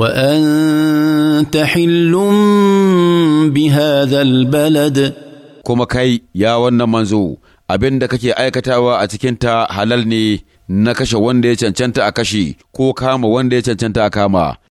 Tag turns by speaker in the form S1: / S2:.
S1: وأنت حل بهذا البلد كما كي يا ون منزو abin da kake aikatawa a cikinta halal ne na kashe wanda ya cancanta a kashe ko kama wanda ya cancanta a kama